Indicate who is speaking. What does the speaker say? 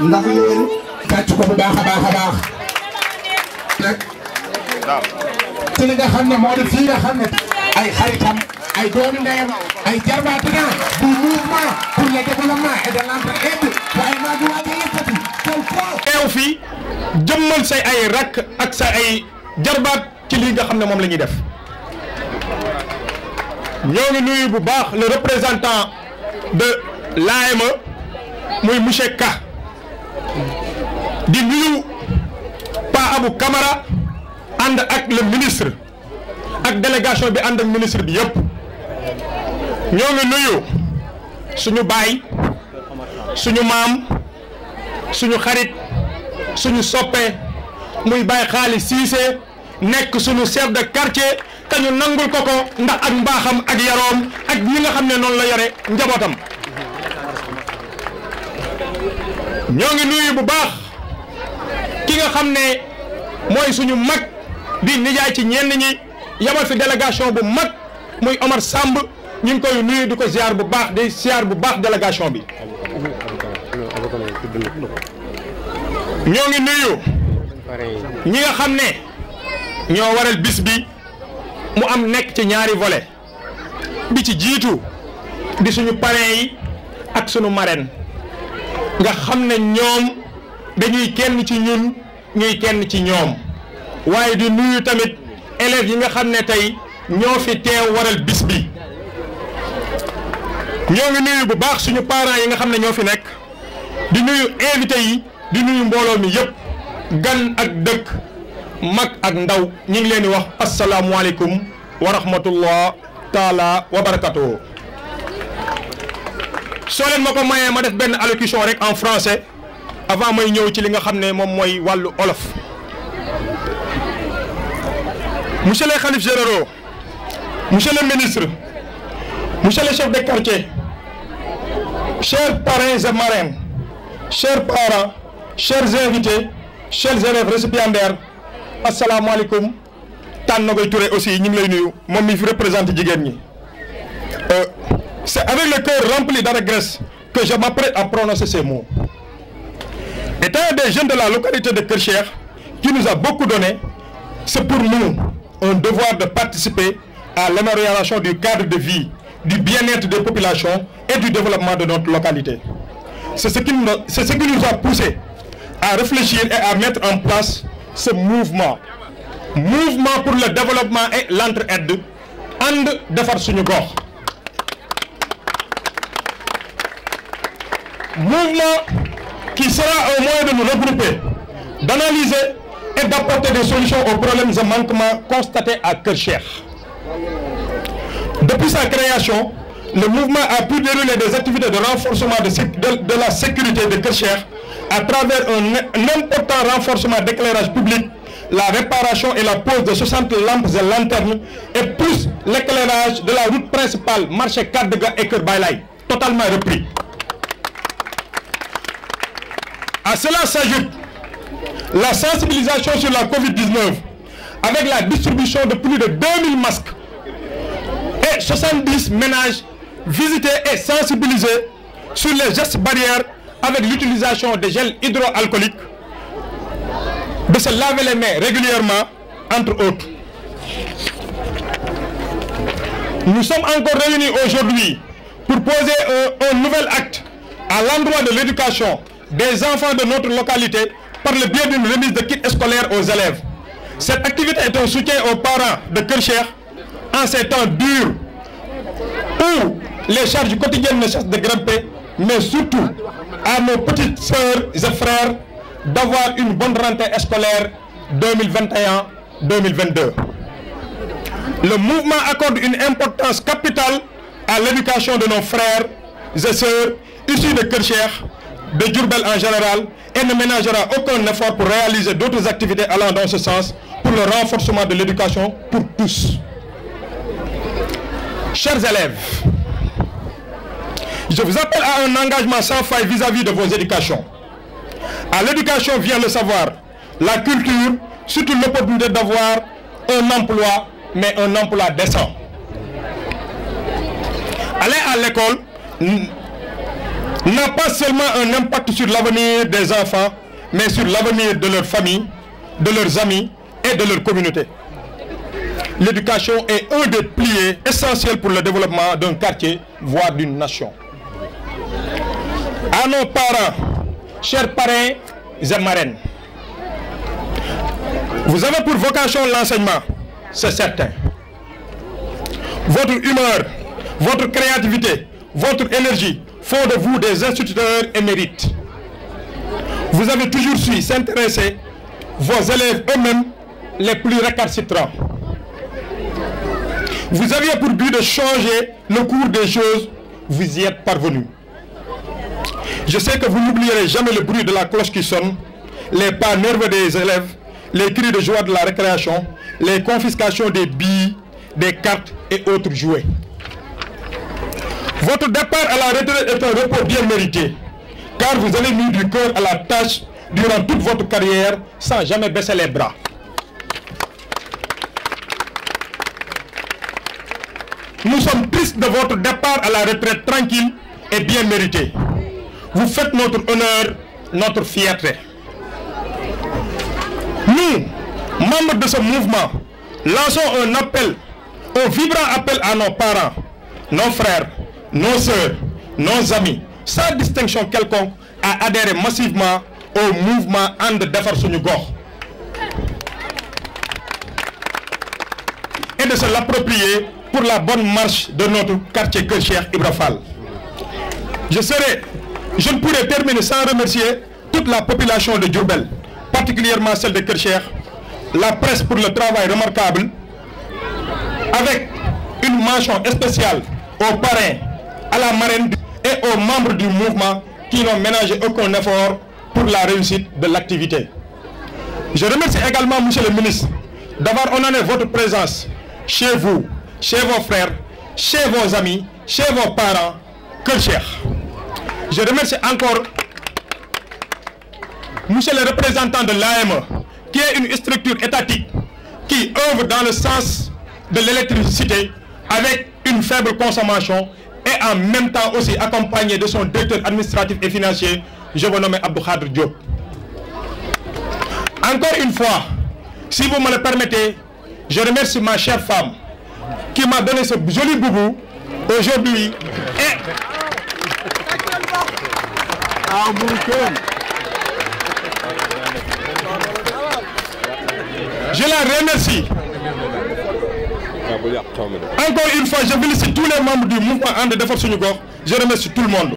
Speaker 1: ndax loolu tàcc ko bu baax a baax a baax rek ci li nga xam ne moo di fii nga xam ne ay xaritam ay doomi ndeyam ay jarbaatina bu mouvement pour le développement et de l'entraide waaye maa ngi waaj a yëkkati tel foo teew fii jëmmal say ay rakk ak sa ay jarbaat ci lii nga xam ne moom la ñuy def ñoo ngi nuyu bu baax le représentant de laay ma muy monsieur Ka di nuyu Pa Abou Camara ànd ak le ministre ak délégation bi ànd ak ministre bi yëpp ñoo ngi nuyu suñu baay suñu maam suñu xarit suñu soppe muy baay xaalis Cissé nekk suñu chef de quartier te ñu nangul ko ko ndax ak mbaaxam ak yaroom ak ñi nga xam ne noonu la yore njabootam. ñoo ngi nuyu bu baax ki nga xam ne mooy suñu mag di nijaay ci ñenn ñi yabal fi délégation bu mag muy Omar sàmb ñu ngi koy nuyu di ko ziar bu baax di ziar bu baax délégation bi ñoo ngi nuyu ñi nga xam ne ñoo waral bis bi mu am nekk ci ñaari vole bi ci jiitu di suñu parrain yi ak sunu marraine nga xam ne ñoom dañuy kenn ci ñun ñuy kenn ci ñoom waaye di nuyu tamit élèves yi nga xam ne tey ñoo fi teew waral bis bi ñoo ngi nuyu bu baax suñu parents yi nga xam ne ñoo fi nekk di nuyu invité yi di nuyu mbooloo mi yépp gan ak dëkk mag ak ndaw ñu ngi leen di wax asalaamualeykum wa rahmatullah taala wa barakatuhu soo leen ma ko mayee ma def benn allocution rek en français avant mooy ñëw ci li nga xam ne moom mooy wàllu olof monsieur les khalifes généraux monsieur le ministre monsieur le chef de quartier chers parrains et marraines chers parents chers invités chers élèves récipiendaires asalaamaaleykum Tànn Ngoye Touré aussi ñu ngi lay nuyu moom mi fi représenté jigéen ñi C'est avec le cœur rempli d'allégresse que je m'apprête à prononcer ces mots. Étant des jeunes de la localité de Kercher, qui nous a beaucoup donné, c'est pour nous un devoir de participer à l'amélioration du cadre de vie, du bien-être des populations et du développement de notre localité. C'est ce, qui nous, a poussé à réfléchir et à mettre en place ce mouvement. Mouvement pour le développement et l'entraide. And de faire mouvement qui sera un moyen de nous regrouper, d'analyser et d'apporter des solutions aux problèmes et manquements constatés à Kercher. Depuis sa création, le mouvement a pu dérouler des activités de renforcement de, de, de la sécurité de Kercher à travers un, un important renforcement d'éclairage public, la réparation et la pose de 60 lampes et lanternes et plus l'éclairage de la route principale marché Kardega et Kerbailay, totalement repris. À cela s'ajoute la sensibilisation sur la COVID-19 avec la de plus de 2000 masques et 70 ménages visités et sensibilisés sur les gestes barrières avec l'utilisation des gels hydroalcooliques, de se laver les mains entre autres. Nous sommes encore réunis aujourd'hui pour poser un, un nouvel acte à l'endroit de l'éducation des enfants de notre localité par le biais d'une remise de kits scolaires aux élèves. Cette activité est un soutien aux parents de Kircher en ces temps durs où les charges quotidiennes ne cessent de grimper, mais surtout à nos petites sœurs et frères d'avoir une bonne rentrée scolaire 2021 Le mouvement accorde une importance capitale à l'éducation de nos frères et sœurs issus de Kircher de Diourbel en général et ne ménagera aucun effort pour réaliser d'autres activités allant dans ce sens pour le renforcement de l'éducation pour tous. Chers élèves, je vous appelle à un engagement sans faille vis à -vis de vos éducations. À l'éducation vient le savoir, la culture, surtout l'opportunité d'avoir un emploi, mais un emploi décent. Aller à l'école n'a pas seulement un impact sur l'avenir des enfants, mais sur l'avenir de leur famille, de leurs amis et de leur communauté. L'éducation est un des piliers essentiels pour le développement d'un quartier, voire d'une nation. À nos parents, chers parrains et marraines, pour vocation l'enseignement, c'est certain. Votre humeur, votre créativité, votre énergie, font de vous des instituteurs émérites. Vous avez toujours su s'intéresser vos élèves eux-mêmes les plus récalcitrants. Vous aviez pour but de changer le cours des choses, vous y êtes parvenu. Je sais que vous n'oublierez jamais le bruit de la cloche qui sonne, les pas nerveux des élèves, les cris de joie de la récréation, les confiscations des billes, des cartes et autres jouets. Votre départ à la retraite est un repos bien mérité, car vous avez mis du cœur à la tâche durant toute votre carrière sans jamais baisser les bras. Nous sommes tristes de votre départ à la retraite tranquille et bien mérité. Vous faites notre honneur, notre fierté. Nous, membres de ce mouvement, lançons un appel, un vibrant appel à nos parents, nos frères, nos sœurs, nos amis, sans distinction quelconque, à adhérer massivement au mouvement And Defar Sunyugor. Et de se l'approprier pour la bonne marche de notre quartier Kercher Ibrafal. Je serai, je ne pourrai terminer sans remercier toute la population de Djourbel, particulièrement celle de Kercher, la presse pour le travail remarquable, avec une mention spéciale au parrain à la marraine et aux membres du mouvement qui n'ont ménagé aucun effort pour la réussite de l'activité. Je remercie également Monsieur le ministre d'avoir honoré votre présence chez vous, chez vos frères, chez vos amis, chez vos parents, que cher. Je remercie encore Monsieur le représentant de l'AME, qui est une structure étatique qui œuvre dans le sens de l'électricité avec une faible consommation et en même temps aussi accompagné de son directeur administratif et financier, je vais nommer Abdou Khadr Diop. Encore une fois, si vous me le permettez, je remercie ma chère femme qui m'a donné ce joli boubou aujourd'hui et... Je la remercie encore une fois je félicite tous les membres du mouvement ànd defar suñu gox je remercie tout le monde.